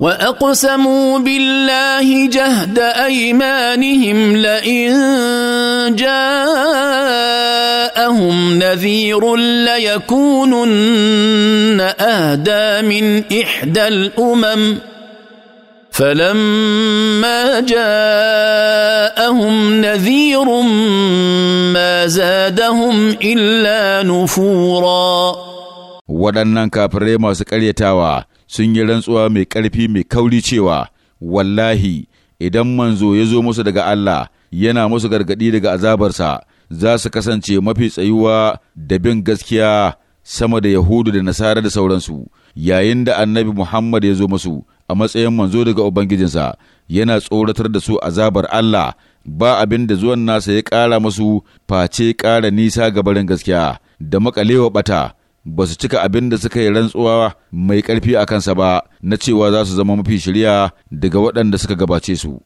واقسموا بالله جهد ايمانهم لئن جاءهم نذير ليكونن اهدى من احدى الامم فلما جاءهم نذير ما زادهم الا نفورا waɗannan kafirai masu sun yi rantsuwa mai ƙarfi mai kauri cewa wallahi idan manzo ya zo musu daga Allah yana musu gargaɗi daga azabarsa za su kasance mafi tsayuwa da bin gaskiya sama da Yahudu da Nasara da sauransu yayin da annabi Muhammad ya zo musu a matsayin manzo daga Ubangijinsa yana tsoratar da su azabar Allah ba abin da zuwan nasa ya ƙara musu face ƙara nisa ga barin gaskiya da makalewa ɓata ba su cika abin da suka yi rantsuwa mai ƙarfi a kansa ba na cewa za su zama mafi shirya daga waɗanda suka gabace su.